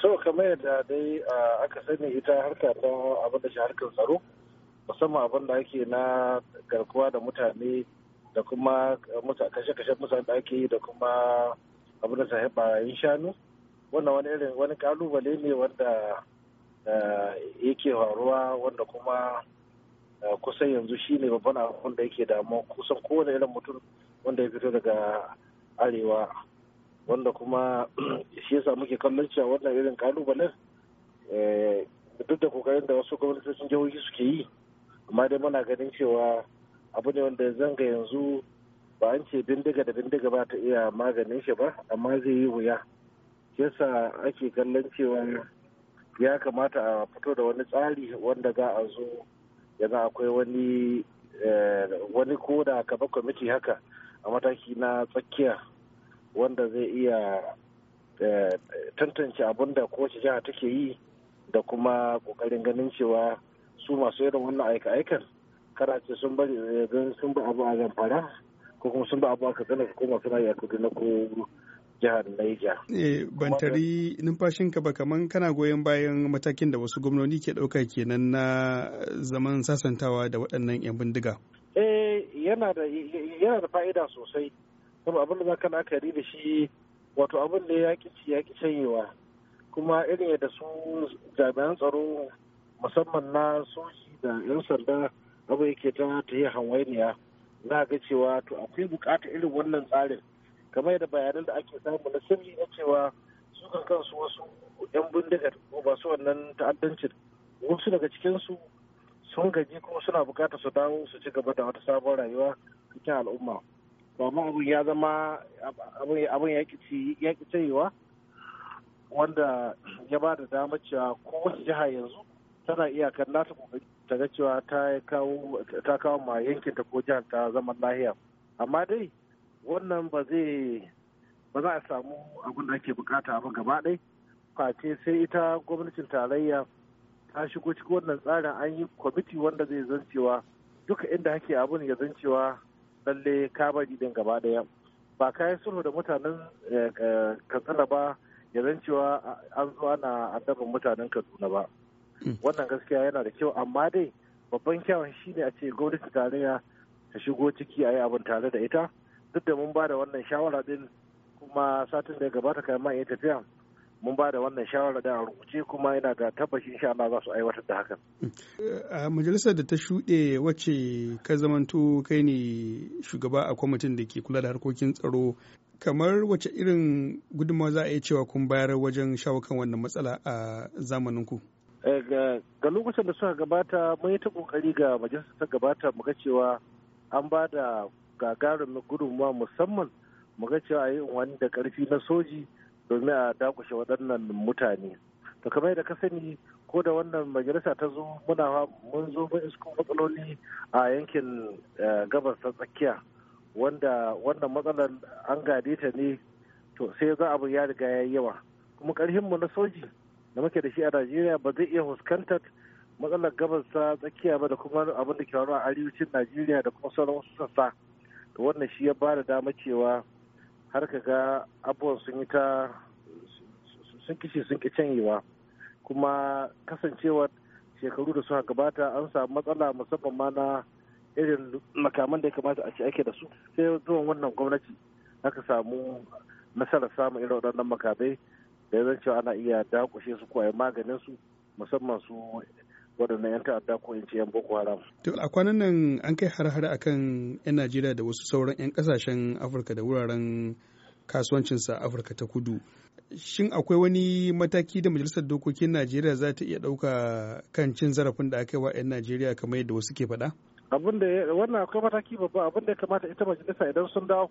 to kamar yadda dai aka sani ita harka ta abin da shi harkar tsaro musamman abin da ake na garkuwa da mutane da kuma kashe-kashe mutane da ake yi da kuma abin da sahi barayin shanu wannan wani irin wani kalubale ne wanda yake faruwa wanda kuma kusan yanzu shine babban abin da yake damu kusan kowane irin mutum wanda ya fito daga arewa wanda kuma shi yasa muke kallon cewa wannan irin kalubalen eh, duk da kokarin da wasu gwamnatocin jihohi suke yi amma dai muna ganin cewa abu ne wanda zanga yanzu ba an ce bindiga da bindiga ba ta iya maganin shi ba amma zai yi wuya yasa ake kallon cewa ya kamata a fito da wani tsari wanda za a zo yana akwai wani eh, wani koda kaba kwamiti haka a mataki na tsakiya wanda zai iya eh, tantance abin da kowace jiha take yi da kuma kokarin ganin cewa su masu irin wannan aika-aikan kada ce sun bari eh, sun bi abu a zamfara ko kuma sun bi abu a katsina ko masu rayu a kaduna ko jihar Niger. Eh, ban tari numfashinka ba kaman kana goyon bayan matakin da wasu gwamnoni ke ɗauka kenan na zaman sasantawa da waɗannan 'yan bindiga. Eh, yana da fa'ida sosai saboda abin da za ka la'akari da shi wato abin da ya ki ya ki canyewa kuma irin yadda su jami'an tsaro musamman na soji da 'yan sanda abu yake ta ta yi hawainiya za ga cewa to akwai bukatar irin wannan tsarin kamar yadda bayanan da ake samu na sirri na cewa su kan kansu wasu 'yan bindigar ko ba su wannan ta'addancin wasu daga cikinsu sun gaji kuma suna bukatar su dawo su ci gaba da wata sabon rayuwa cikin al'umma domin abin ya zama abin ya ki cewa wanda ya ba da damar cewa kowace jiha yanzu tana iyakar nata kokari ta ga cewa ta kawo ma yankin ta ko jihar ta zaman lahiya amma dai wannan ba zai ba za a samu abin da ake bukata ba gaba ɗai face sai ita gwamnatin tarayya ta shigo cikin wannan tsarin an yi kwamiti wanda zai zancewa duka inda ake abin ya zancewa lalle kabari din gaba daya ba kayan sulhu da mutanen eh, eh, katsina ba ya zan cewa an zo ana addaban mutanen kaduna ba hmm. wannan gaskiya yana da kyau amma dai babban kyawun shi ne a ce gwamnati tarayya ta shigo ciki a yi abin tare da ita duk da mun ba da wannan shawara din kuma satin da ya gabata kayan ma iya tafiya mun ba da wannan shawara da rubuce kuma yana ga tabbashin insha Allah za su aiwatar da hakan. A majalisar da ta shuɗe wacce ka zamanto kai ne shugaba a kwamitin da ke kula da harkokin tsaro kamar wace irin gudunmawa za a iya cewa kun bayar wajen shawo kan wannan matsala a zamanin ku. Eh, ga lokacin da suka gabata mun yi ta kokari ga majalisar ta gabata mu ga cewa an ba da gagarumin gudunmawa musamman mu ga cewa a yi wani da karfi na soji domin a dakushe waɗannan mutane to kamar da ka sani ko da wannan majalisa ta zo muna mun zo ba isko matsaloli a yankin eh, gabas ta tsakiya wanda wannan matsalar an gade ta ne to sai za abu ya riga ya yawa kuma mu na soji da muke da shi a najeriya ba zai iya fuskantar matsalar gabas ta tsakiya ba da kuma abin da ke faruwa a arewacin najeriya da kuma sauran wasu sassa to wannan shi ya ba da dama cewa har ka ga abubuwan sun yi ta sun kishi sun ki canyewa kuma kasancewar shekaru da suka gabata an samu matsala musamman ma na irin makaman da ya kamata a ce ake da su sai zuwan wannan gwamnati aka samu nasarar samun irin waɗannan makamai da ya cewa ana iya dakushe su ko maganin su musamman su waɗannan 'yan ta'adda ko in ce 'yan boko haram. to a kwanan nan an kai har-har akan 'yan najeriya da wasu sauran 'yan kasashen afirka da wuraren kasuwancinsa a afirka ta kudu shin akwai wani mataki da majalisar dokokin najeriya za ta iya ɗauka kan cin zarafin da aka yi wa 'yan najeriya kamar yadda wasu ke faɗa? abin da wannan akwai mataki babba abin da ya kamata ita majalisa idan sun dawo